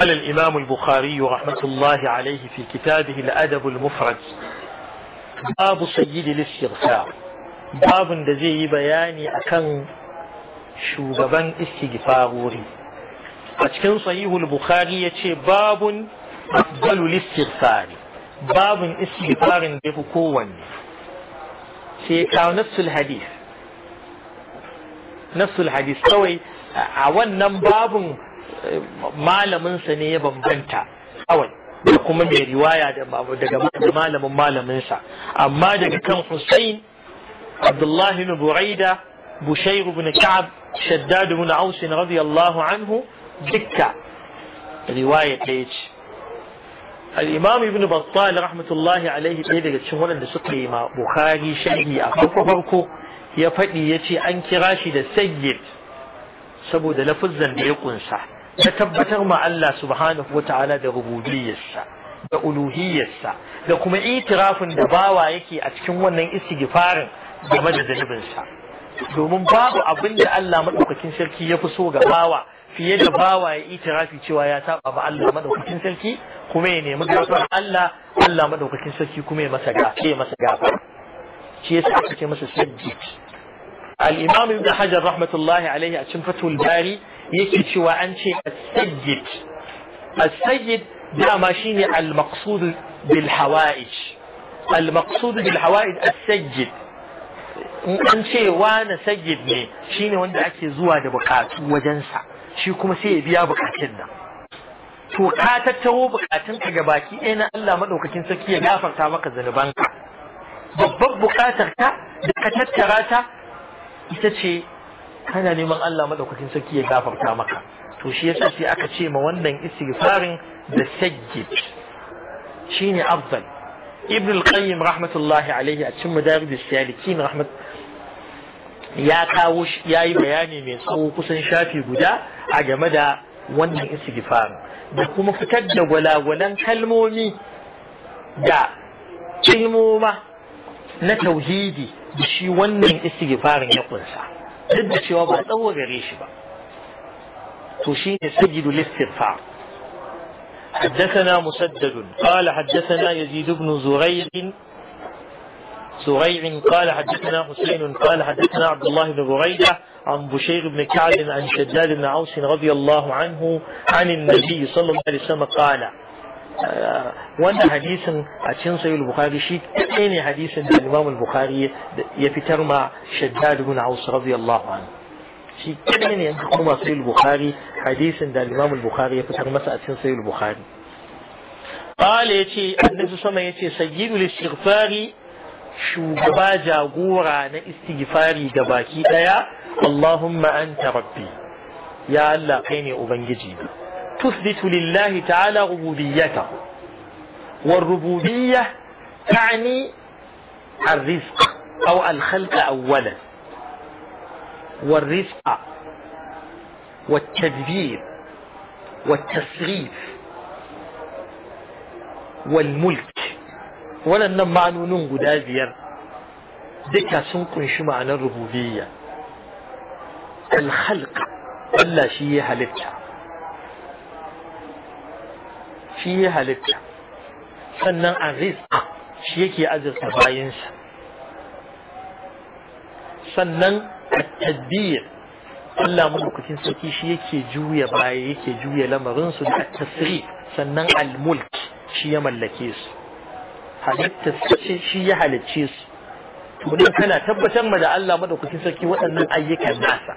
قال الإمام البخاري رحمة الله عليه في كتابه الأدب المفرد باب سيدي الاستغفار باب دزي بياني أكن شوغبا استغفاروري أتكن صحيح البخاري يتي باب أفضل الاستغفار باب استغفار بهكوان في نفس الحديث نفس الحديث قوي عوان نم بابن malaminsa ne ya bambanta kawai da kuma mai riwaya daga malamin malaminsa amma daga kan Hussein Abdullahi bin Buraida Bushayr bin Ka'ab Shaddad bin Aws radiyallahu anhu dikka. riwaya ɗaya ce Al-Imam Ibn Battal rahmatullahi alaihi ɗaya daga cikin waɗanda suka yi ma Bukhari sharhi a farko farko ya faɗi yace an kira shi da Sayyid saboda lafuzzan da ya kunsa ta tabbatar ma Allah subhanahu wa ta'ala da rububiyarsa da uluhiyarsa da kuma itirafin da bawa yake a cikin wannan istighfarin game da zunubinsa domin babu abin da Allah maɗaukakin sarki ya fi so ga bawa fiye da bawa ya itirafi cewa ya saba ba Allah maɗaukakin sarki kuma ya nemi gafar Allah Allah maɗaukakin sarki kuma ya masa gafe masa gafa shi yasa aka ce masa sajjid al-imam ibn hajar rahmatullahi alaihi a cikin fatul bari yake cewa an ce as-sayyid as-sayyid dama shine al-maqsud bil hawaij al-maqsud bil hawaij as-sayyid an ce wa na sayyid ne shine wanda ake zuwa da bukatu wajen sa shi kuma sai ya biya bukatun nan to ka tattawo bukatun ka gabaki ɗaya na Allah madaukakin sarki ya gafarta maka zanubanka babbar bukatar ka da ka tattara ta ita ce kana neman Allah madaukakin sarki ya gafarta maka to shi yasa sai aka ce ma wannan istighfarin da sajjid shine afdal ibn al-qayyim rahmatullahi alaihi a cikin madarij salikin rahmat ya kawo shi yayi bayani mai tsawo kusan shafi guda a game da wannan istighfarin da kuma fitar da gwalagwalan kalmomi da ilmoma na tauhidi da shi wannan istighfarin ya kunsa duk da cewa ba tsawo gare shi ba to shine sajidu حدثنا مسدد قال حدثنا يزيد بن زريع زريع قال حدثنا حسين قال حدثنا عبد الله بن بريدة عن بشير بن كعب عن شداد بن عوس رضي الله عنه عن النبي صلى الله عليه وسلم قال wannan hadisin a cikin sahih bukhari shi kadai ne hadisin da imam bukhari ya fitar ma shaddad ibn aus radiyallahu anhu shi kadai ne yanka kuma sahih bukhari hadisin da imam bukhari ya fitar masa a cikin sahih bukhari قال يتي النبي صلى الله عليه وسلم سيد الاستغفار shugaba jagora na istighfari ga baki daya Allahumma anta rabbi ya Allah kai ne ubangiji na تثبت لله تعالى ربوبيته والربوبية تعني الرزق أو الخلق أولا والرزق والتدبير والتصريف والملك ولنما نون غدازير دكا سنكون شو معنى الربوبية الخلق الله شيء هلتها shi ya halitta sannan aziz shi yake azurta bayansa sannan tadbir Allah madaukakin sarki shi yake juya baya yake juya lamarin su da tasiri sannan al-mulk shi ya mallake su halitta shi ya halicce su to dan kana tabbatar ma da Allah madaukakin sarki waɗannan ayyukan nasa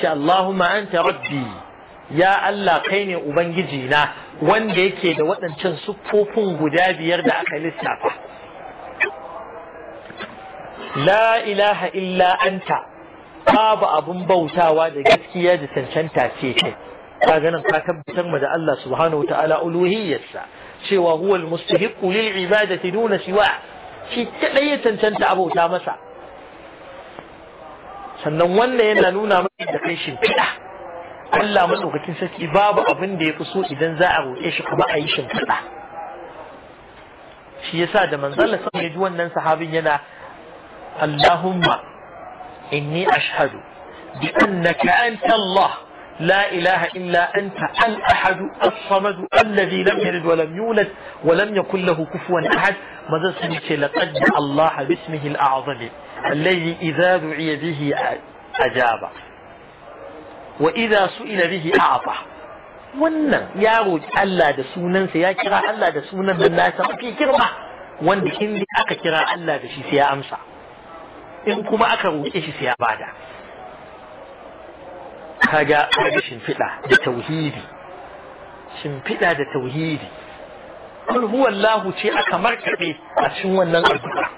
ce Allahumma anta rabbi ya Allah kai ne ubangiji na wanda yake da waɗancan siffofin guda biyar da aka lissafa la ilaha illa anta babu abun bautawa da gaskiya da cancanta ce kai ka ganin ka tabbatar ma da Allah subhanahu wa ta'ala uluhiyyarsa cewa huwa almustahiqqu lil ibadati duna siwa shi kadai ya cancanta abota masa sannan wannan yana nuna maka da kai shimfiɗa Allah madaukakin sarki babu abin da yafi so idan za a roƙe shi kuma a yi kada shi yasa da manzon Allah ya ji wannan sahabin yana Allahumma inni ashhadu bi annaka anta Allah لا إله إلا أنت الأحد الصمد الذي لم يلد ولم يولد ولم يكن له كفوا أحد ماذا سمعت لقد الله باسمه الأعظم الذي إذا دعي به أجاب wa idza su'ila bihi a'ta wannan ya roki Allah da sunansa ya kira Allah da sunan nan nasa mafi girma wanda in aka kira Allah da shi sai ya amsa in kuma aka roƙe shi sai ya bada kaga kaga shimfiɗa da tauhidi shimfiɗa da tauhidi kul huwa Allah ce aka markabe a cikin wannan addu'a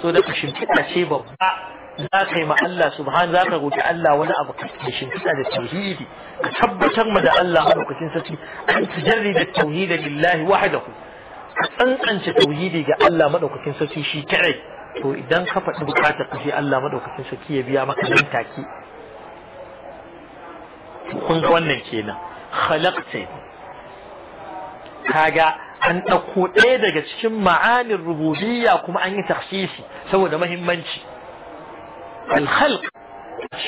so da shimfiɗa ce babba za ka yi ma Allah subhan za ka roki Allah wani abu da shi da tauhidi ka tabbatar ma da Allah madaukakin sarki an tijarri da tauhidi lillahi wahdahu ka tsantsance tauhidi ga Allah madaukakin sarki shi kadai to idan ka faɗi bukatar ka Allah madaukakin sarki ya biya maka nan take kun ga wannan kenan khalaqta kaga an ɗauko ɗaya daga cikin ma'anin rububiyya kuma an yi tafsisi saboda mahimmanci alhalk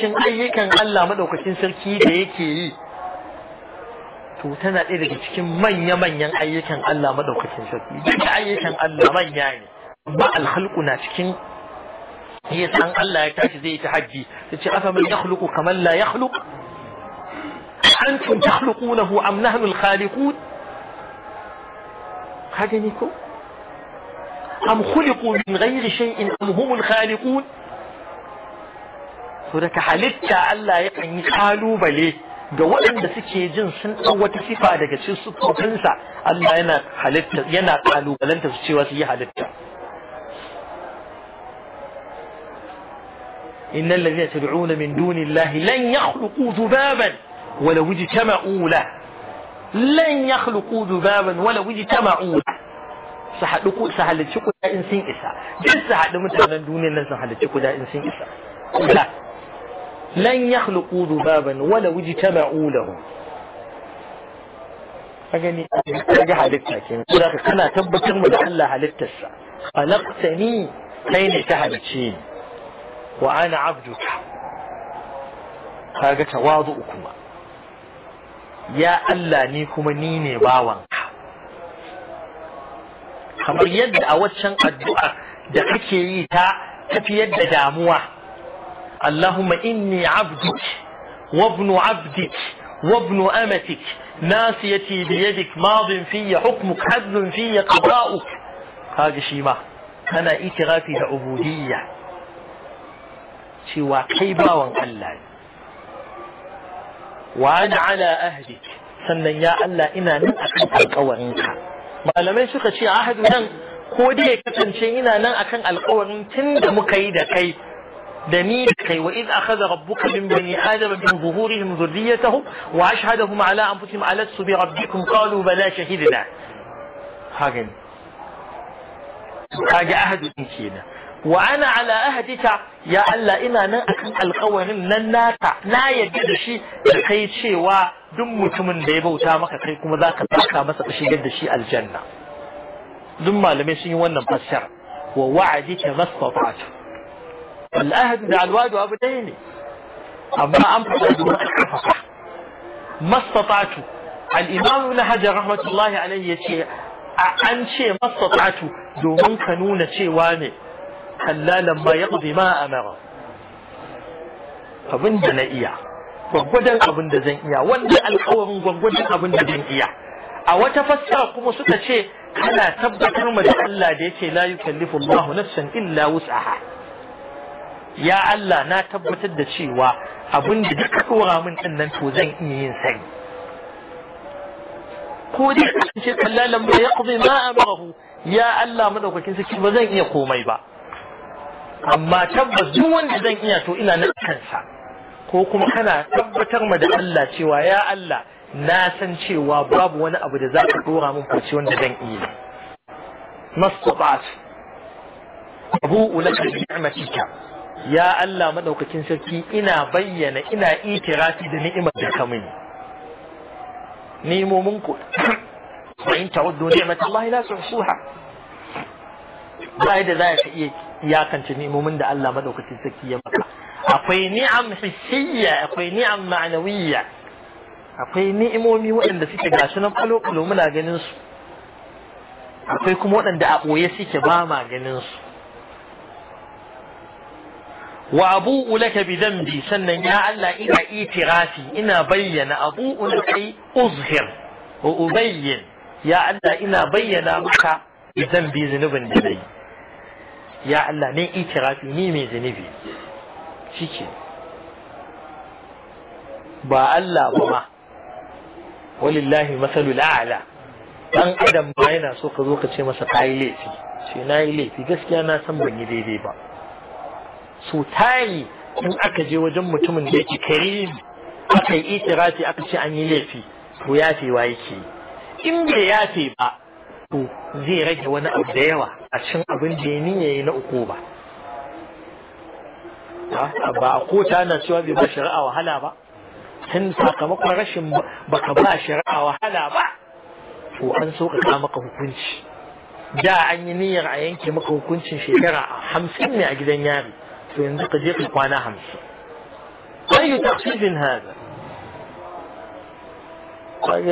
shin ayyukan Allah maɗaukacin sarki da yake yi to tana ɗaya daga cikin manya-manyan ayyukan Allah maɗaukacin sarki duka ayyukan Allah manya ne ba alhalku na cikin ya san Allah ya tashi zai ta hajji ta ce afa man yakhluqu kamar la yakhluq antum takhluqunahu am nahnu al-khaliqun kaga ni ko am khuliqu min ghairi shay'in am humul khaliqun so daga halitta Allah ya kan yi kalubale ga waɗanda suke jin sun ɗau wata sifa daga cikin sufofinsa Allah yana halitta yana kalubalanta su cewa su yi halitta innal ladzina tad'una min dunillahi lan yakhluqu dhubaban ولو اجتمعوا له لن يخلقوا ذبابا ولو اجتمعوا له su halicci kuɗa in sun isa duk su haɗu mutanen duniyar nan su halicci kuɗa in sun isa lan yakhluqu dhubaban wala wujtama'u lahu ka gani halitta kenan ko da kana tabbatar mu da Allah halittarsa khalaqtani kai ne ta halice ni wa ana abduka kaga tawadu kuma ya Allah ni kuma ni ne bawan kamar yadda a waccan addu'a da kake yi ta tafiyar da damuwa اللهم إني عبدك وابن عبدك وابن أمتك ناسيتي بيدك ماض في حكمك حذل في قضاءك هذا شيء ما أنا إتغافي عبودية شوى كيبا وانقلان وأنا على أهدك سنن يا ألا إنا نتأكد القوانك ما لم يشخ شيء أحد من قوديك تنشينا نتأكد القوانك تند مكيدة كيب دميرك وإذ أخذ ربك من بني آدم من ظهورهم ذريتهم وأشهدهم على أنفسهم ألست بربكم قالوا بلى شهدنا هاجن هاج أهد كينا وأنا على أهدك يا ألا إنا نأكل القوانين نناتا لا يجد شيء كي شيء دم متمن ديبو تامك كي كما ذاك باكا مسا شيء جد شيء الجنة دم لم يسين ونن فسر ووعدك ما استطعت al'ahadu da alwadu abu ɗaya ne amma an faɗa da wani mastatatu al'imamu na hajar rahmatullahi alaihi ya ce an ce mastatatu domin ka nuna cewa ne kallalan ma ya ma amara abin da na iya gwaggwadon abin da zan iya wanda alkawarin gwaggwadon abin da zan iya a wata fassara kuma suka ce kana tabbatar ma da Allah da yake la yukallifu Allahu nafsan illa wus'aha ya Allah na tabbatar da cewa abin da duka kora min din nan to zan iya yin sai ko dai ce kallalan ba ya ma amrahu ya Allah madaukakin sarki ba zan iya komai ba amma tabbas duk wanda zan iya to ina nan kansa ko kuma kana tabbatar ma da Allah cewa ya Allah na san cewa babu wani abu da za ka dora min face wanda zan iya mastabat abu ulaka ni'matika ya Allah madaukakin sarki ina bayyana ina itirafi da ni'imar da ka mini ni'imomin ku wa in ta'uddu ni'matallahi la suha bai da za ka iya iyakance ni'imomin da Allah madaukakin sarki ya maka akwai ni'am hissiyya akwai ni'am ma'anawiyya akwai ni'imomi waɗanda suke gashi na falo-falo muna ganin su akwai kuma waɗanda a ɓoye suke ba ma ganin su wa abu'u laka bi dhanbi sannan ya Allah ina itirafi ina bayyana abu'u laka uzhir wa ubayyin ya Allah ina bayyana maka bi zunubin da nayi ya Allah ne itirafi ni mai zunubi shike ba Allah ba ma walillahi masalul a'la dan adam ba yana so ka zo ka ce masa kai laifi Sai na yi laifi gaskiya na san ban yi daidai ba su tayi in aka je wajen mutumin da yake karimi aka yi itirafi aka ce an yi laifi to wa yake in bai yafe ba to zai rage wani abu da yawa a cin abin da ya niyya na uku ba ba a kota na cewa bai ba shari'a wahala ba tun sakamakon rashin baka ba shari'a wahala ba to an sauƙaƙa maka hukunci da an yi niyyar a yanke maka hukuncin shekara a hamsin ne a gidan yari فين قد يقلق وانا همس اي تخفيف هذا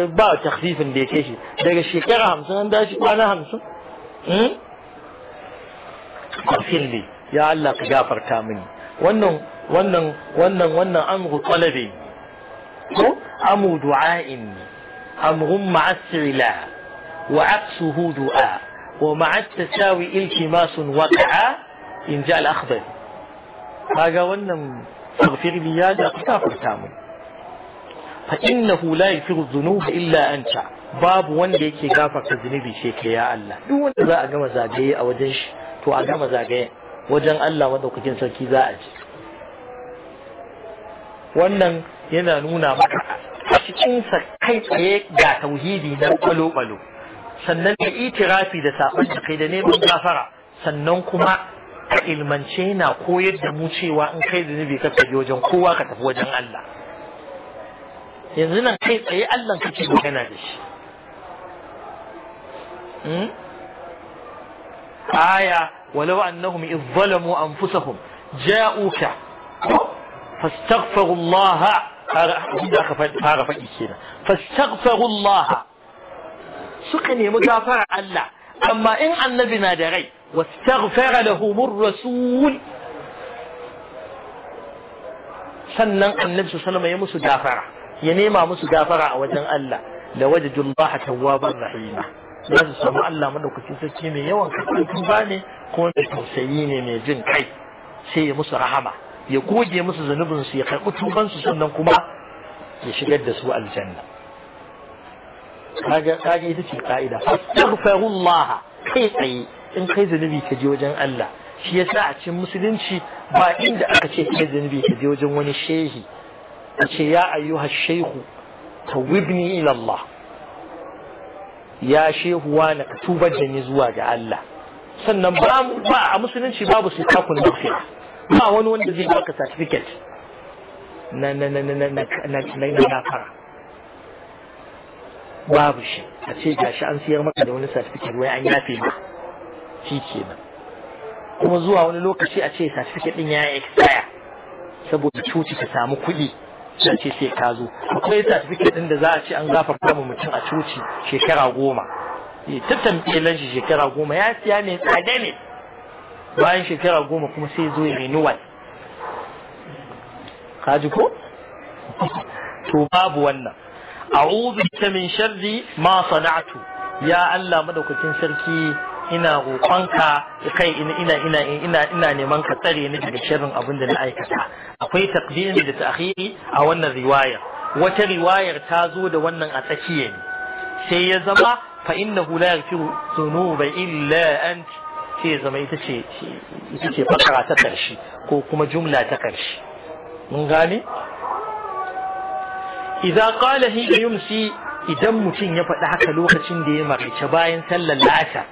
با تخفيف دي كشي دي كشي كرا همس ان دا شي وانا همس كفين لي يا الله قافر كامل ونن ونن ونن ونن امغ طلبي امو دعاء امغ مع السعلاء وعكسه دعاء ومع التساوي التماس وقع إن جاء الأخضر kaga wannan tafirli ya da kafarta mu fa innahu la yaghfiru dhunuba illa anta babu wanda yake gafarta zunubi sai kai ya Allah duk wanda za a gama zagaye a wajen shi to a gama zagaye wajen Allah madaukakin sarki za a ji wannan yana nuna maka cikin sa kai tsaye ga tauhidi na kwalo-kwalo sannan da itirafi da sabon da kai da neman gafara sannan kuma ka ilmance na koyar da mu cewa in kai zunubi ka tafi wajen kowa ka tafi wajen Allah yanzu nan kai tsaye Allah kake magana da shi hmm? aya walau annahum idh zalamu anfusahum ja'uka fastaghfirullah da aka fara faɗi kenan fastaghfirullah suka nemi gafara Allah amma in annabi na da rai da لهم الرسول sannan annabi su sallama ya musu gafara ya nema musu gafara a wajen Allah da wajadun baha tawwabar rahima za su Allah madaukakin sarki mai yawan karɓar tuba ne kuma mai tausayi ne mai jin kai sai musu rahama ya goge musu zunubinsu ya karɓi tuban su sannan kuma ya shigar da su aljanna kaga kaga ita ce ka'ida fastaghfirullah kai tsaye in kai zunubi ka je wajen Allah shi yasa a cikin musulunci ba inda aka ce kai zunubi ka je wajen wani shehi a ce ya ayyuha shehu tawibni ila Allah ya shehu wani ka tubar da ni zuwa ga Allah sannan ba a musulunci babu su takun nafsiya ba wani wanda zai baka certificate na na na na na na na fara babu shi a ce gashi an siyar maka da wani certificate wai an yafe ma shi kenan kuma zuwa wani lokaci a ce certificate din ya expire saboda cuci ta samu kuɗi da ce sai ka zo akwai certificate din da za a ce an zafa mu mutum a cuci shekara goma tattam tamfilan shi shekara goma ya siya ne tsada ne bayan shekara goma kuma sai zo ya renewal ji ko to babu wannan a'udhu bika min sharri ma sana'tu ya Allah madaukakin sarki ina roƙonka kai ina ina ina ina ina neman ka tsare ni daga shirin abin da na aikata akwai taqdim da ta'khiri a wannan riwaya wata riwayar ta zo da wannan a tsakiya ne sai ya zama fa innahu la yaghfiru dhunuba illa ant sai zama ita ce ita ce fakara ta karshe ko kuma jumla ta karshe mun gane idza qala hi yumsi idan mutum ya faɗi haka lokacin da ya marice bayan sallar la'asar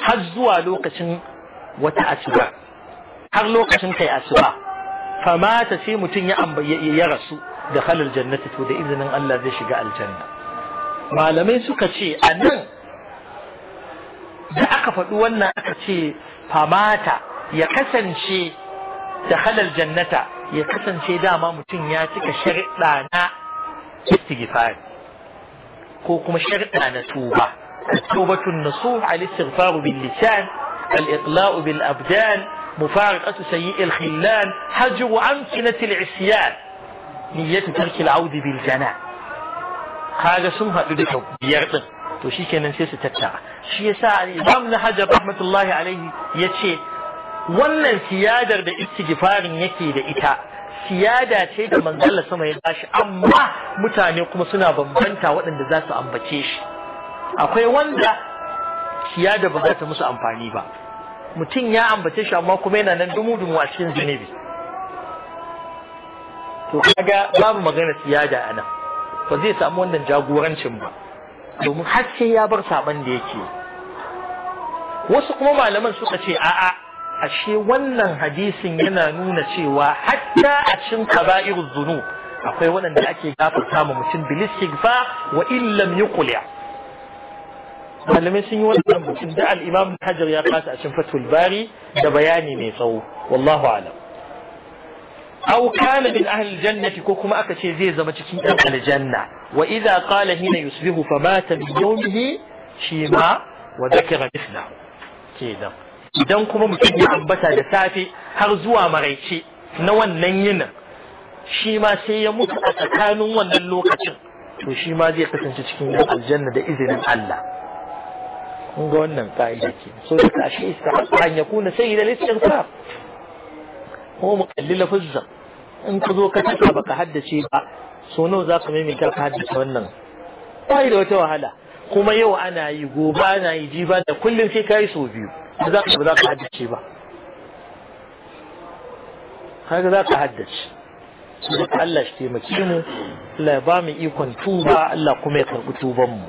har zuwa lokacin wata asuba har lokacin kai asuba famata sai mutum ya ya rasu da halal jannati to da izinin Allah zai shiga aljanna malamai suka ce a nan da aka faɗi wannan aka ce famata ya kasance da halal jannata ya kasance dama mutum ya cika sharɗa na istighfar ko kuma sharɗa na tuba التوبة النصوح الاستغفار باللسان الإقلاء بالأبدان مفارقة سيء الخلان حجر أمكنة العصيان نية ترك العود بالجناء حاجة سمها لديك بيرطن توشي كان نسيس تتعه شي ساعة الإمام لحجة رحمة الله عليه يتشي ولا سيادة باستغفار يكي لإتاء سيادة تيد من قال سمه الباشي أما متاني وقم صنع بمبانتا وقم دزاسة أمبتيش akwai wanda ciya da ba ta musu amfani ba mutum ya ambace shi amma kuma yana nan dumu-dumu a cikin zinibi. to kaga babu magana siyada a nan ba zai samu wannan jagorancin ba domin haske ya bar saban da yake wasu kuma malaman suka ce a'a ashe wannan hadisin yana nuna cewa hatta a cikin kaba'ir zunu akwai waɗanda ake gafarta ma mutum bilis sigfa wa illam yuqliya malamai sun yi wannan mutum da al-imam hajar ya kasa a cikin fatul bari da bayani mai tsawo wallahu alam aw kana min ahli jannati ko kuma aka ce zai zama cikin ɗan aljanna wa idza qala hina yusbihu fa mata min yawmihi shi ma wa dhakara mithlahu kenan idan kuma mutum ya ambata da safe har zuwa maraice na wannan yinin shi ma sai ya mutu a tsakanin wannan lokacin to shi ma zai kasance cikin aljanna da izinin Allah kun ga wannan ka'ida ke so da ka shi istihaqqa an yakuna sayyid al-istighfar ko kallila fuzza in ka zo ka tsaka baka haddace ba so nawa zaka maimaita ka haddace wannan bai da wata wahala kuma yau ana yi gobe ana yi jiba da kullum sai kai so biyu ba za ka ba za ka haddace ba kaga za ka haddace Allah shi taimaki mu Allah ya ba mu ikon tuba Allah kuma ya karɓi tuban mu